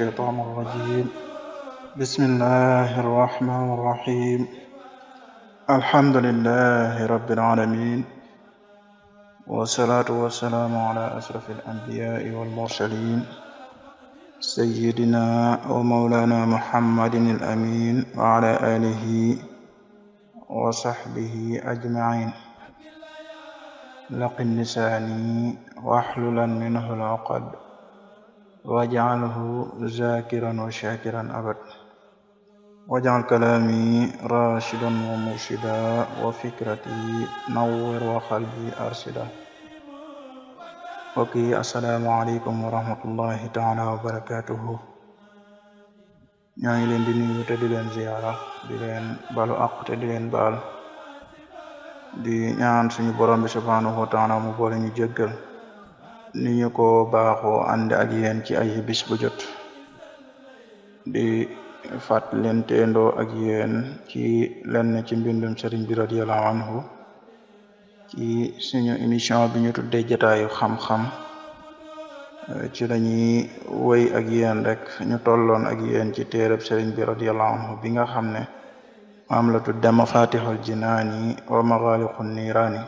الشيطان الرجيم بسم الله الرحمن الرحيم الحمد لله رب العالمين والصلاة والسلام على أشرف الأنبياء والمرسلين سيدنا ومولانا محمد الأمين وعلى آله وصحبه أجمعين لقن لساني واحللا منه العقد waj'alhu zakiran wa shakiran abad waj'al kalami rashidan wa murshida wa fikrati nawwir wa qalbi assalaamu aleykum wa rahmatullahi taala wa barakatuhu ñoo ngi leen di nuyu te di leen ziyaara di leen balu di leen suñu borom bi subhanahu ñu jéggal ni ñu ko baaxoo ànd ak yéen ci ay bis bu jot di fàttalentendoo ak yéen ci lenn ci mbindum sëriñ bi radiyallahu anhu ci suñu émission bi ñu tuddee jataayu xam-xam ci lañuy woy ak yéen rek ñu tolloon ak yéen ci téereb sëriñ bi radiyallahu bi nga xam ne maam la tudde mafatihul jinaani wa maghaliqun niiraani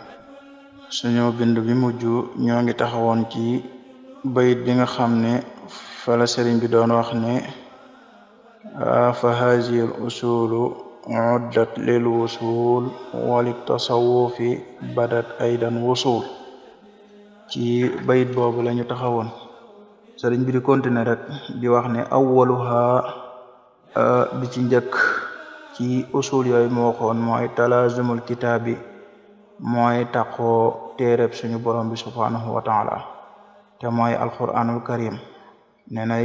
suñu bind bi mujj ñoo ngi taxawoon ci bayit bi nga xam ne fala sëriñ bi doon wax ne ah, fa haazihil usulu uddat lil wusul wali tasawufi badat aydan wusul ci bayit boobu lañu taxawoon sëriñ bi di continuer rek bi wax ne awwaluha ah, bi ci njëkk ci usul yooyu mu waxoon mooy talaazumul kitaabi mooy taqoo téereb suñu borom bi subhanahu wa taala te mooy alquranul karim nee na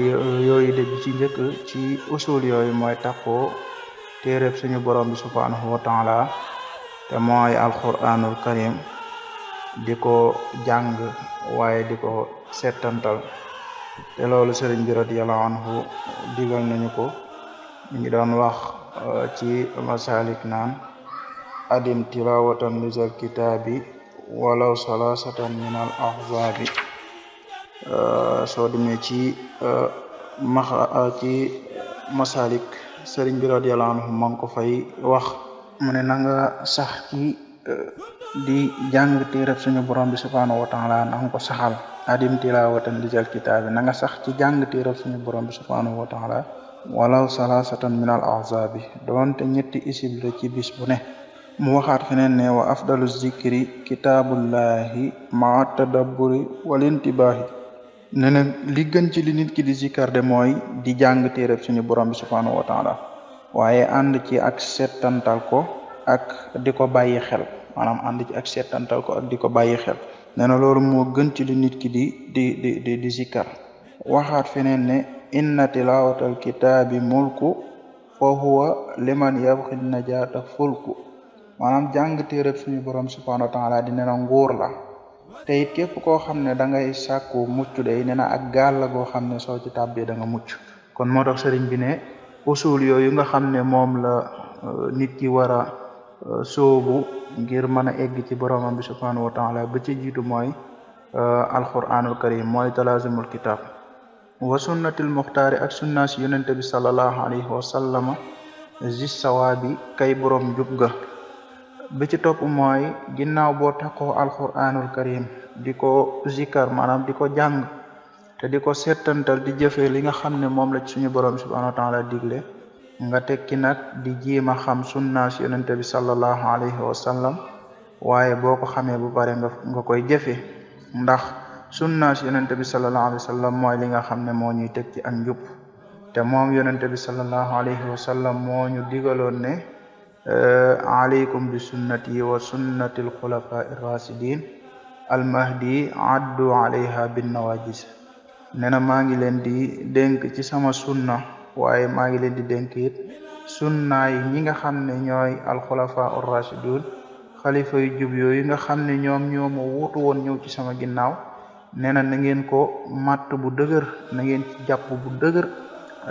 ci njëkk ci usul yooyu mooy taqoo téereb suñu borom bi subhanahu wa taala te mooy alquranul karim di ko jàng waaye di ko settantal te loolu sëriñ bi radiyallahu anhu digal nañu ko ñu ngi doon wax uh, ci masalik naan adim tilawatan lisal kitaabi walaw salasatan min al ahzabi uh, soo demee ci uh, max uh, ci masalik sëriñ bi radiyallahu ko fay wax mu ne na nga sax ci di jàng téereb suñu borom bi subhanahu wa taala na nga ko saxal adim tilawatan lisal kitaabi na nga sax ci jàng téereb suñu borom bi subhanahu wa taala walaw salasatan min ahzabi doonte ñetti isib ci bis bu ne mu waxaat feneen ne wa afdalu zikri kitaabullahi maa tadabburi wal intibaahi ne na li gën ci li nit ki di zikkar de mooy di jàng téereb suñu borom bi subhaanahu wa taala waaye ànd ci ak settantal ko ak di ko bàyyi xel maanaam ànd ci ak settantal ko ak di ko bàyyi xel nee na loolu moo gën ci li nit ki di di di di di zikkar waxaat feneen ne inna tilaawatal kitaabi mulku fa huwa liman yabxi najata fulku maanaam jàng téereb suñu borom subhanahu wa taala di nee na nguur la te it képp koo xam ne da ngay sàkku mucc de nee na ak gaal la goo xam ne soo ci tàbbee da nga mucc kon moo tax sëriñ bi ne usul yooyu nga xam ne moom la euh, nit ki war a euh, sóobu ngir mën a egg ci boromam bi subhanahu wa taala ba ci jiitu mooy euh, alquranul karim mooy talazumul kitab wa sunnatil muxtaari ak sunna si yonente bi salallahu alayhi wa sallama gis sawaa bi kay borom ga bi ci topp mooy ginnaaw boo takkoo alquranul karim di ko zikar maanaam di ko jàng te di ko settantal di jëfee li nga xam ne moom la ci suñu borom subhanahu wa taala digle nga tekki nag di jéem a xam sunna si yonente bi sallallahu alayhi wa sallam waaye boo ko xamee bu pare nga nga koy jëfee ndax sunna si yonente bi sallallahu alayhi wa sallam mooy li nga xam ne moo ñuy teg ci ak njub te moom yonente bi sallallahu alayhi wa sallam moo ñu digaloon ne alaykum bi sunnati wa sunnati alxulafa irrasidin almahdi addu alayha binnawajis nee na maa ngi leen di dénk ci sama sunna waaye maa ngi leen di dénk it sunnaay ñi nga xam ne ñooy alxulafa irrasidun xalifa yu jub yi nga xam ne ñoom ñoo ma wuutu woon ñëw ci sama ginnaaw nee na na ngeen ko màtt bu dëgër na ngeen jàpp bu dëgër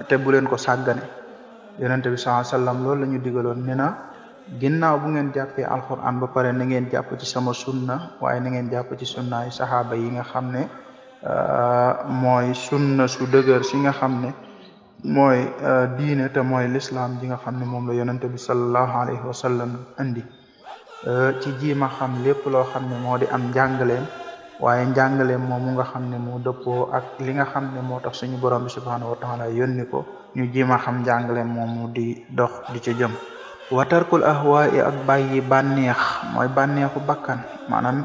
te bu leen ko sàggane yonente bi sallallahu alayhi wasallam loolu la ñu digaloon ne na ginnaaw bu ngeen jàppee alquran ba pare na ngeen jàpp ci sama sunna waaye na ngeen jàpp ci sunnaay saxaaba yi nga xam ne euh, mooy sunna su dëgër si nga xam ne mooy euh, diine te mooy lislaam ji nga xam ne moom la yonente bi sallallahu alayhi wasallam andi euh, ci jiima xam lépp loo xam ne moo di am njàngaleem waaye njàngale moomu nga xam ne mu dëppoo ak li nga xam ne moo tax suñu borom bi subhaanahu wa taala yónni ko ñu jima xam njàngale moomu di dox di ca jëm wa tarkul ahwaa'i ak bàyyi bànneex mooy bànneexu bakkan maanaam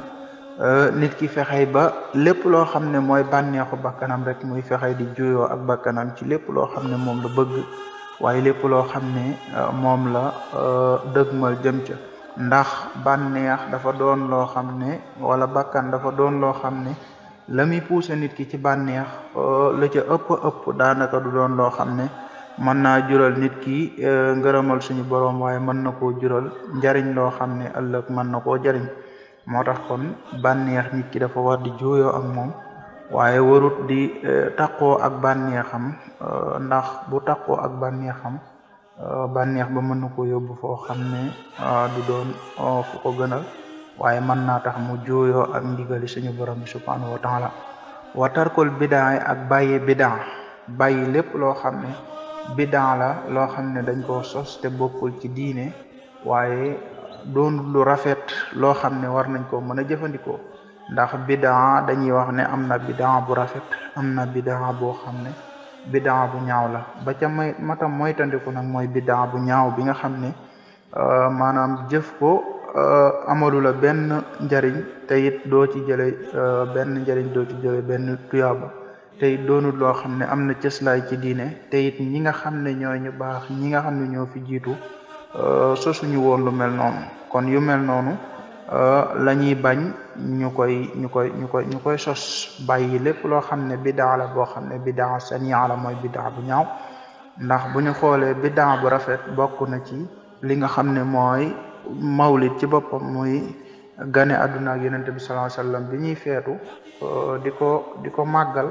e, nit ki fexey ba lépp loo xam ne mooy bànneexu bakkanam rek muy fexey di juyoo ak bakkanam ci lépp loo xam ne moom la bëgg waaye lépp loo xam ne e, moom la e, dëgmal jëm ca ndax bànneex dafa doon loo xam ne wala bakkan dafa doon loo xam ne la muy poussé nit ki ci bànneex euh, la ca ëpp ëpp daanaka du doon loo xam ne mën naa jural nit ki euh, ngërëmal suñu borom waaye mën na koo jural njariñ loo xam ne ëllëg mën na koo jariñ moo tax kon bànneex nit ki dafa war di jooyoo ak moom waaye warut di euh, taqoo ak bànneexam ndax bu taqoo ak bànneexam Euh, bànneex ba mën na ko yóbbu foo xam ne euh, du doon fu euh, ko gënal waaye mën naa tax mu jooyoo ak ndigali suñu borom bi subhanahu wa la wa tarkul bidaa ak bàyyi bidaa bàyyi lépp loo xam ne bidaa la loo xam ne dañ ko sos te bokkul ci diine waaye doon lu rafet loo xam ne war nañ koo mën a jëfandikoo ndax bidaa dañuy wax ne am na bidaa bu rafet am na bidaa boo xam ne bidaa bu ñaaw la ba ca may matam moytandiku nag mooy bidaa bu ñaaw bi nga xam ne euh, maanaam jëf ko euh, amalu la benn njariñ te it doo ci jële euh, benn njariñ doo ci jële benn tuyaaba te it doonul loo xam ne am na cëslaay ci diine te it ñi nga xam ne ñooñu baax ñi nga xam ne ñoo fi jiitu sosuñu woon lu mel noonu kon yu mel noonu Euh, la ñuy bañ ñu koy ñu koy ñu koy ñu koy sos bàyyi lépp loo xam ne bidaa la boo xam ne bidaa sania la mooy bidaa bu ñaaw ndax bu ñu xoolee bidaa bu rafet bokk na ci li nga xam ne mooy mawlid ci boppam muy gane àdduna ak bi sallallahu alayhi wasallam bi ñuy feetu euh, di ko di ko màggal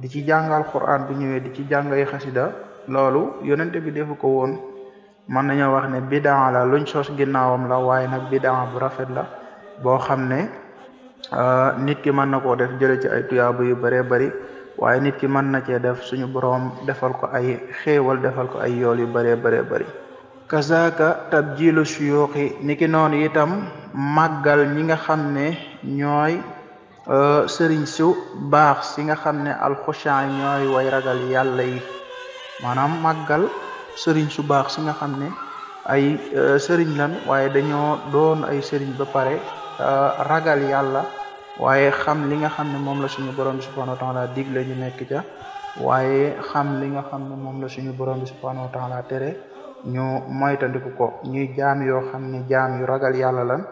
di ci jàngal Qur'an bu ñëwee di ci jàngay xasida loolu yonent bi defu ko woon mën nañoo wax ne bidaa la luñ sos ginnaawam la waaye nag bidaa bu rafet la boo xam ne euh, nit ki mën na koo def jële ci ay tuyaaba yu bëree bari waaye nit ki mën na cee def suñu boroom defal ko ay xéewal defal ko ay yool yu bëree bëree bëri kazaka tabjilu suyuuxi ni ki noonu itam màggal ñi nga xam ne ñooy euh, sëriñ su baax si nga xam ne alxushaan ñooy way ragal yàlla yi maanaam sëriñ su baax si nga xam ne ay euh, sëriñ lan waaye dañoo doon ay sëriñ ba pare euh, ragal yàlla waaye xam li nga xam ne moom la suñu borom bi subhanahu wa taala ñu nekk ca waaye xam li nga xam ne moom la suñu borom bi subhanahu wa taala tere ñu moytandiku ko ñuy jaam yoo xam ne jaam yu ragal yàlla lan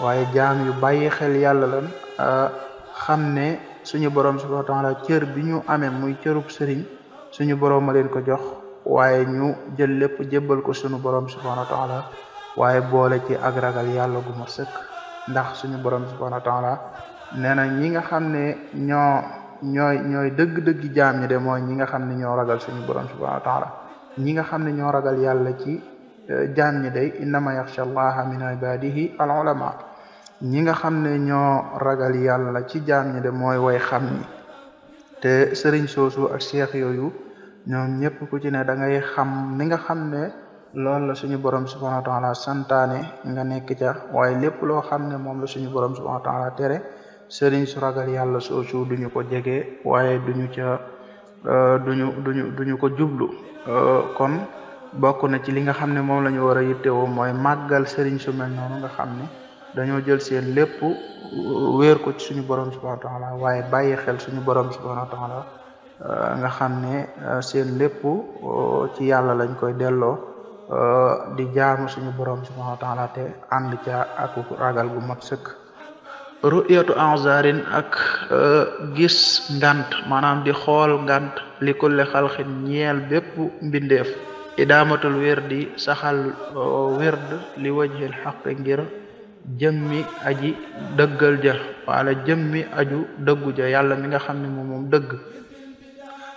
waaye jaam yu bàyyi xel yàlla lan euh, xam ne suñu borom subhanahu wa taala cër bi ñu amee muy cërub sëriñ suñu borom ma leen ko jox waaye ñu jël lépp jébbal ko sunu borom subhanahu wa taala waaye boole ci ag ragal yàlla gu mat ndax suñu borom subhanahu wa taala nee na ñi nga xam ne ñoo ñooy ñooy dëgg-dëgg jaam ñi de mooy ñi nga xam ne ñoo ragal suñu borom subhanahu wa taala ñi nga xam ne ñoo ragal yàlla ci eh, jaam ñi day innama yaxsha allaha min ibadihi al ulama ñi nga xam ne ñoo ragal yàlla ci jaam ñi de mooy way xam ñi te sëriñ soosu ak seex yooyu ñoom ñëpp ku ci ne da ngay xam ni nga xam ne loolu la suñu borom subhanahu wa taala santaane nga nekk ca waaye lépp loo xam ne moom la suñu borom subhanahu wa taala tere sëriñ su ragal yàlla soosu duñu ko jege waaye duñu ca euh, duñu duñu duñu ko jublu euh, kon bokk na ci li nga xam ne moom la ñu war a yittewoo mooy màggal sëriñ su mel noonu nga xam ne dañoo jël seen lépp euh, wéer ko ci suñu borom subhanahu wa taala waaye bàyyi xel suñu borom subhanahu wa taala Euh, nga xam ne euh, seen lépp euh, ci yàlla lañ koy delloo di jaamu suñu borom subhanahu wa taala te ànd ca ak ragal gu mat sëkk ru'yatu anzarin ak gis ngant maanaam di xool ngant li kulli xalxin ñeel bépp mbindeef idaamatul wirdi saxal wird li wajhil xaq ngir jëmmi aji dëggal ja wala jëmmi aju dëggu ja yàlla mi nga xam ne moom dëgg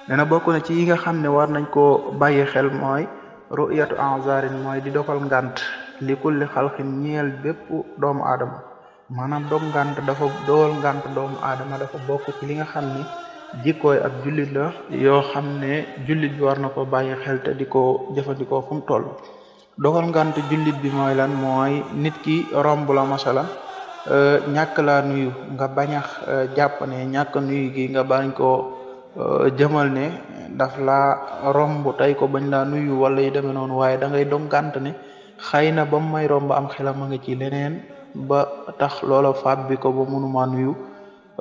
nee na bokk na ci yi nga xam ne war nañ koo bàyyi xel mooy ru'yatu anzarin mooy di dokal ngant li kulli xalqin ñeel bépp doomu adama maanaam dog ngant dafa dogal ngant doomu aadama dafa bokk ci li nga xam ne jikkooy ab jullit la yoo xam ne julit bi war na ko bàyyi xel te di ko jëfandikoo fu mu toll dogal ngant jullit bi mooy lan mooy nit ki romb la masala euh, ñàkk laa nuyu nga bañax euh, jàpp ne ñàkk nuyu gi nga bañ koo Euh, jëmal ne daf la romb tey ko bañ laa nuyu wala yu demee noonu waaye da ngay donkant ne xëy na ba mu may romb am xelam a nga ci leneen ba tax loola faab bi ko ba mënumaa nuyu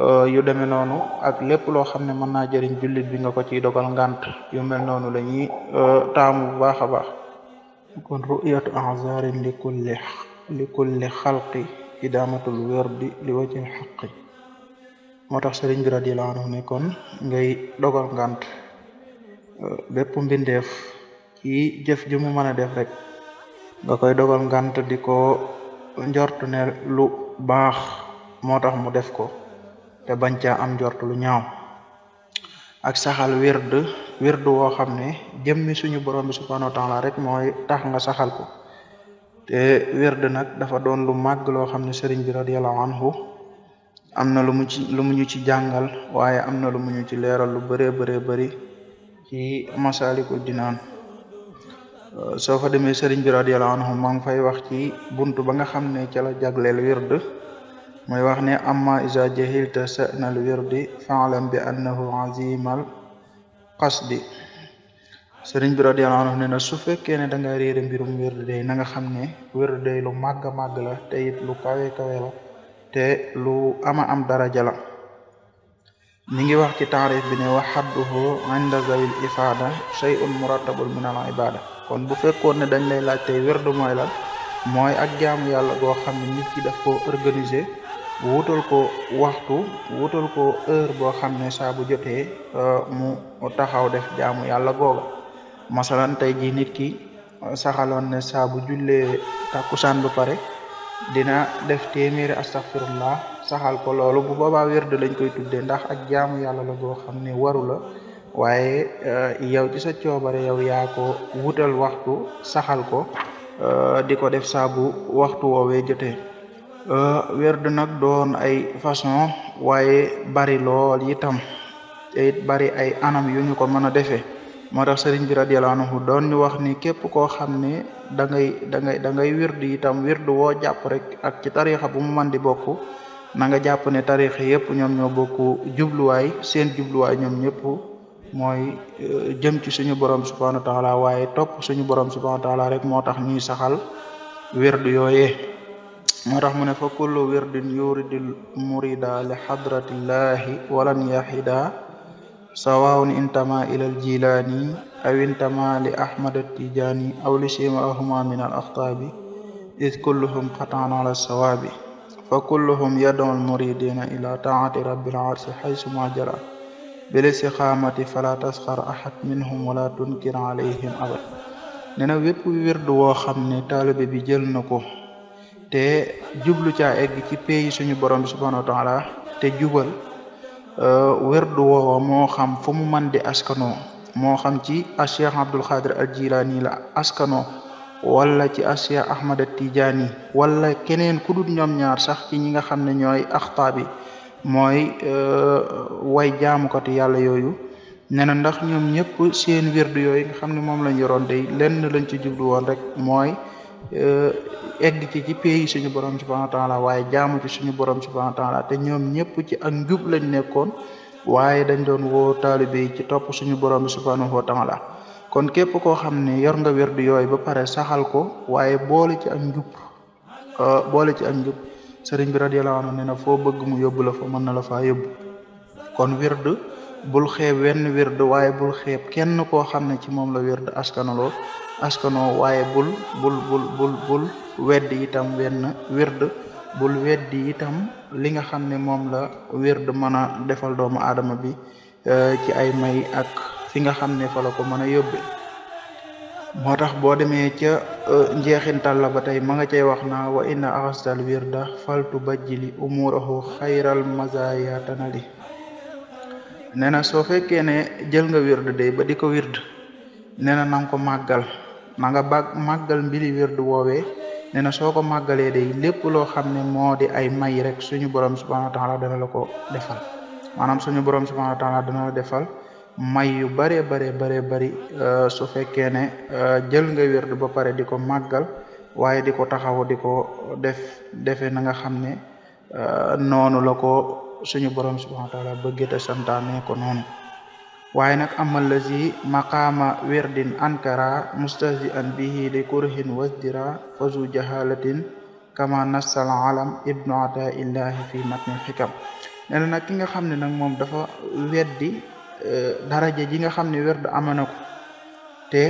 euh, yu demee noonu ak lépp loo xam ne mën naa jëriñ jullit bi nga ko ciy dogal ngant yu mel noonu la ñuy euh, taamu bu baax a baax kon ru'yatu ahzarin li kulli li kulli xalqi idamatul werdi li wajhi xaqi moo tax sëriñ bi radiyallahu anhu ne kon ngay dogal ngant euh, bépp mbindeef ci jëf ji mu mën a def rek nga koy dogal ngant di ko njort ne lu baax moo tax mu def ko te bañ caa am njort lu ñaaw ak saxal wird wird woo xam ne jëmmi suñu borom bi subhanahu wa taala rek mooy tax nga saxal ko te wird nag dafa doon lu màgg loo xam ne sëriñ bi radiyallahu anhu am na lu mu ci lu mu ci jàngal waaye am na lu mu ci leeral lu bëree bëree bari ci masalikul dinan euh, soo fa demee sëriñ bi radiyallahu anhu maa ngi fay wax ci bunt ba nga xam ne ca la jagleel wird mooy wax ne amma isa jahilta sanal wirdi faalam bi annahu azimal qasdi sëriñ bi radiyallahu anhu ne na su fekkee ne da nga réere mbirum wird day na xam ne wird lu màgg a màgg la te lu kawe kawe te lu ama am dara jala ñi ngi wax ci taarif bi ne wax xadduhu inda zawil ifaada shay'un murattabul min al ibada kon bu fekkoon ne dañ lay laaj tey werdu mooy la mooy ak jaamu yàlla goo xam ni nit ki daf ko organiser wutal ko waxtu wutal ko heure boo xam ne saabu bu jotee euh, mu taxaw def jaamu yàlla googa masalan tey ji nit ki euh, saxaloon ne saa bu jullee takkusaan bu pare dina def téeméeri astaghfirullah saxal ko loolu bu boobaa wérd lañ koy tuddee ndax ak jaamu yàlla la goo xam ne waru la waaye eh, yow ci sa coobare yow yaa ko wutal waxtu saxal ko eh, di ko def saabu waxtu wo jotee eh, wérd nag doon ay façon waaye bari lool itam it bari ay anam yu ñu ko mën a defee moo tax sëriñ bi radiyallahu anhu doon ñu wax ni képp koo xam ne dangay ngay da ngay da ngay wirdu woo jàpp rek ak ci tariixa bu mu man di bokk na nga jàpp ne tariixa yëpp ñoom ñoo bokk jubluwaay seen jubluwaay ñoom ñëpp mooy euh, jëm suñu borom subhanahu wa taala waaye topp suñu borom subhanahu wa rek moo tax ñuy saxal wirdu yooyee moo tax mu ne fa kullu wirdin murida li hadratillahi walan yahida sawaaun intama ila aljilaani aw li ahmad tijaani aw li simaahuma min al axtaabi kulluhum xataan ala sawaabi fa kulluhum yad'u al muridina ila taati rabbil arsi xaysuma jara bil istixaamati fala tasxar ahad minhum wala tunkir alayhim abad nee na wépp woo xam ne taalibe bi jël na ko te jublu caa egg ci peyi suñu borom bi subhanahu wa te jubal Euh, wérdu woowa moo xam fu mu man di askanoo moo xam ci a cheikh abdul xaadir al jilaani la askano wala ci a cheikh ahmad al tijaani wala keneen ku ñoom ñaar sax ci ñi nga xam ne ñooy axtaabi mooy euh, way jaamukatu yàlla yooyu nee na ndax ñoom ñëpp seen wérdu yooyu nga xam ne moom lañ yoroon day lenn lañ ci jublu woon rek mooy egg ci ci pays suñu borom subhanahu wa taala waaye jaamu ci suñu borom subhanahu taala te ñoom ñëpp ci ak njub lañ nekkoon waaye dañ doon woo taalibe ci topp suñu borom bi subhanahu wa taala kon képp koo xam ne yor nga werdu yooyu ba pare saxal ko waaye boole ci ak njub ah, boole ci ak njub sëriñ bi radiyallahu anhu nee na foo bëgg mu yóbbu la fa mën na la faa yóbbu kon werdu bul xeeb wenn werdu waaye bul xeeb kenn koo xam ne ci moom la werdu askanaloo askanoo waaye bul bul bul bul bul weddi itam wenn wird bul weddi itam li nga xam ne moom la wird mën a defal doomu aadama bi eh, ci ay may ak fi nga xam ne fa la ko mën a yóbbe moo tax boo demee ca eh, njeexintal la ba tey ma nga cay wax naa wa inna axastal wirda faltu bajjili umurahu xayral mazaya tanali nee na soo fekkee ne jël nga wird de ba di ko wird nee na nanga ko màggal ma nga ba màggal mbiri wérdu woowee nee na soo ko màggalee day lépp loo xam ne moo di ay may rek suñu borom subhanahu wa taala dana la ko defal maanaam suñu borom subhanahu wa taala dana la defal may yu bare bare bare bari euh, su fekkee ne euh, jël nga wérdu ba pare di ko màggal waaye di ko taxaw di ko def defee na nga xam ne euh, noonu la ko suñu borom subhanahu wa taala bëggee te santaane ko noonu waaye nag amal la si maqaama wirdin ankara mustahzi an bihi li kurhin wasdira fazu jahalatin kama nassal alam ibnu ata illahi fi matnil xikam nee na nag ki nga xam ne nag moom dafa weddi eh, daraja ji nga xam ne werd na ko te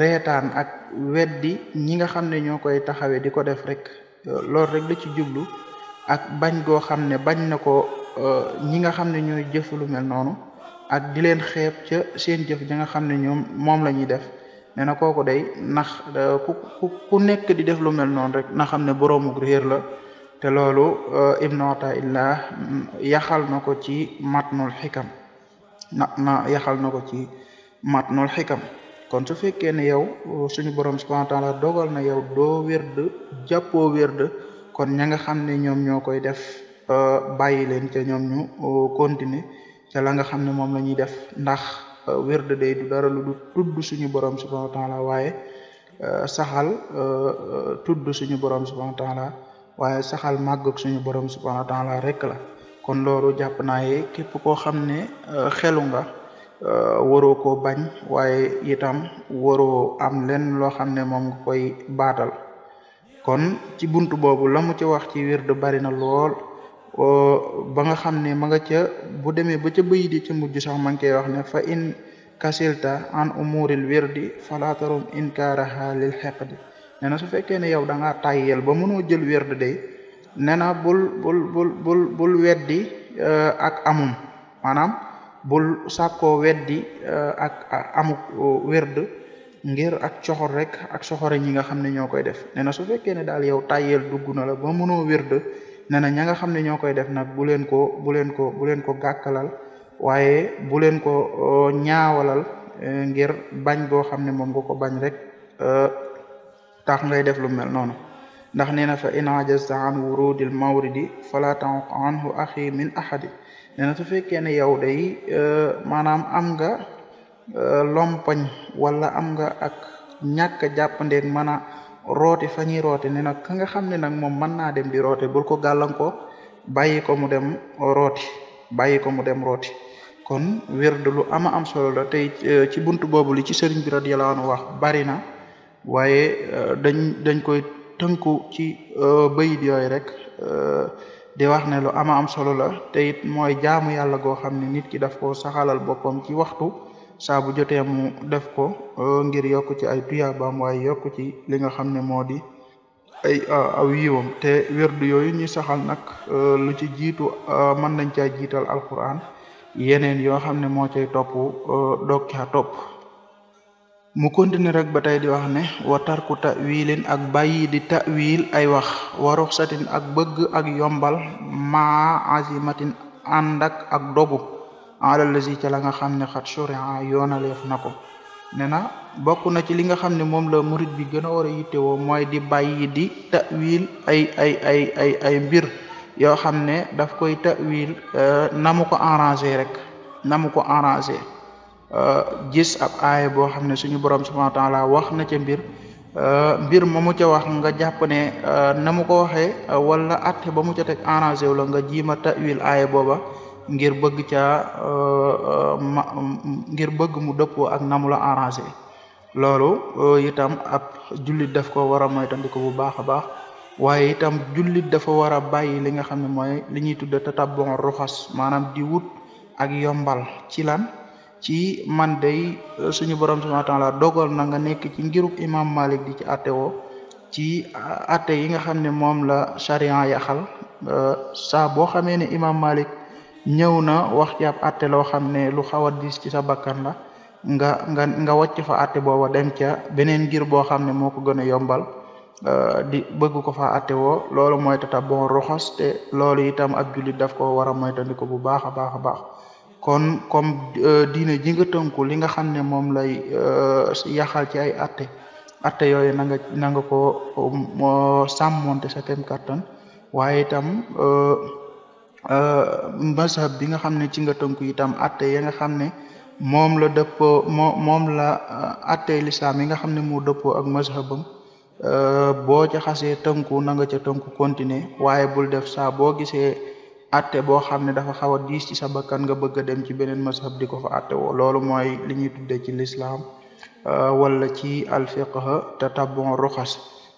reetaan ak weddi ñi nga xam ne ñoo koy taxawee di ko def rek eh, loolu rek la ci jublu ak bañ goo xam ne bañ na ko eh, ñi nga xam ne ñooy jëf mel noonu ak di leen ca seen jëf ja nga xam ne ñoom moom la ñuy def nee na kooku day nax ku ku nekk di def lu mel noonu rek na xam ne boroomu réer la te loolu euh, ibnu ataillah yaxal na ko ci matnul xikam na na yaxal na ko ci matnul xikam kon su fekkee ne yow euh, suñu borom subhanahu wa taala dogal na yow doo wérd jàppoo wérd kon ña nga xam ne ñoom ñoo koy def euh, bàyyi leen ca ñoom ñu continuer ca la nga xam ne moom la ñuy def ndax euh, wérd day du dara lu tudd suñu borom subhanahu wa taala waaye euh, saxal euh, tudd suñu borom subhanahu wa taala waaye saxal màggug suñu borom subhanahu wa taala rek la kon loolu jàpp naa ye képp koo xam ne xelu nga waroo koo bañ waaye itam waroo am lenn loo xam ne moom koy baatal kon ci bunt boobu la mu ci wax ci wérd bari na lool ba nga xam ne ma nga ca bu demee ba ca bëy di ca mujj sax ma ngi koy wax ne fa in kasilta an umuril wirdi fala tarum inkaaraha lil xeqdi nee na su fekkee ne yow da ngaa ba mënoo jël werd day nee na bul bul bul bul bul weddi eh, ak amum maanaam bul sàkkoo weddi eh, ak amuk eh, werd ngir ak coxor rek ak soxora ñi nga xam ne ñoo koy def nee na su fekkee daal yow tàyyel dugg na la ba mënoo werd nee na ña nga xam ne ñoo koy def nag bu leen ko bu leen ko bu leen ko gàkkalal waaye bu leen ko euh, ñaawalal euh, ngir bañ boo xam ne moom nga ko bañ rek euh, tax ngay def lu mel noonu ndax nee na fa in ajasta an wurudil mawridi fala tanq anhu axi min ahadi nee na su fekkee ne yow day maanaam am nga lompoñ wala am nga ak ñàkk jàppandeeg mën roote fa ñuy roote ne nag ka nga xam ne nag moom mën naa dem di roote bul ko gàllankoor bàyyi ko mu dem rooti bàyyi ko mu dem rooti kon wérd lu ama am solo la tey euh, ci bunt boobu li ci sëriñ bi radiyallahu anhu wax bari na waaye euh, dañ dañ koy tënku ci euh, bayit yooyu rek di wax ne lu ama am solo la te it mooy jaamu yàlla goo xam ne nit ki daf ko saxalal boppam ci waxtu saa bu mu def ko euh, ngir yokk ci ay tuyaabaam waaye yokk ci li nga xam ne moo di ay euh, aw yiwam te werdu yooyu ñuy saxal nag euh, lu ci jiitu mën nañ caa jiital alquran yeneen yoo xam ne moo cay topp doog caa topp mu continuer rek ba tey di wax ne wa tarku tawilin ak bàyyi di tawil ay wax wa ruxsatin ak bëgg ak yombal maa azimatin ànd ak ak alalazi ca la nga xam ne xat shuria yoonaleef na ko ne na bokk na ci li nga xam ne moom la murit bi gën a war a yittewoo mooy di bàyyi di tawil ay ay ay ay ay mbir yoo xam ne daf koy tawil euh, na mu ko arrangé rek na mu ko arrangé euh, gis ab aaya boo xam ne suñu borom subhanahu wa taala wax na ca mbir euh, mbir ma mu wax nga jàpp ne na mu ko waxee wala atte ba mu ca teg arrangé wu la nga jiima tawil aaya booba ngir bëgg caa euh, euh, ngir bëgg mu dëppoo ak namu la arrangé loolu euh, itam ab jullit daf ko war a ko bu baax a baax waaye itam jullit dafa war a bàyyi li nga xam ne mooy li ñuy tudde tatabon ruxas maanaam di wut ak yombal ci lan ci man day suñu borom subhanahu wa taala na nga nekk ci ngirub imam malik di ci attewoo ci atte yi nga xam ne moom la charian yaxal saa boo xamee ne imam malik ñëw na wax ci ab atte loo xam ne lu xaw a diis ci sa bakkan la nga nga nga wàcc fa atte booba dem ca beneen ngir boo xam ne moo ko gën a yombal euh, di bëgg ko fa atte woo loolu mooy tata bon roxas te loolu itam ab jullit daf ko war a moytandiku bu baax a baax a baax kon comme euh, diine ji nga tënku li nga xam ne moom lay euh, yaxal ci ay atte atte yooyu nanga nanga na nga ko sa kem kattan waaye itam Euh, mazhab bi nga xam ne ci nga tënku itam atte ya nga xam ne moom la dëppoo moo moom la euh, atte lislaam yi nga xam ne moo dëppoo ak mazhabam euh, boo ca xasee tënku na nga ca tënku continuer waaye bul def saa boo gisee atte boo xam ne dafa xaw a diis ci sa bakkan nga bëgg dem ci beneen mazhab di ko fa atte woo loolu mooy li ñuy tuddee ci lislaam wala ci alfiqha te tabon ruxas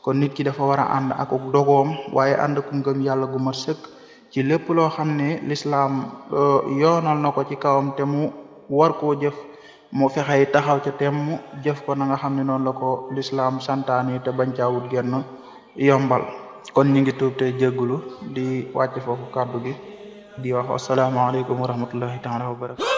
kon nit ki dafa war a ànd ak dogoom waaye ànd ak ngëm yàlla gu sëkk ci lépp loo xam ne lislaam euh, yoonal na ko ci kawam te mu war koo jëf mu fexey taxaw ca tem mu jëf ko na nga xam ne noonu la ko lislaam santaane te bañ caa wut yombal kon ñu ngi tuub te di wàcc foofu kàddu gi di wax asalaamaaleykum wa rahmatullahi taala wa barakatu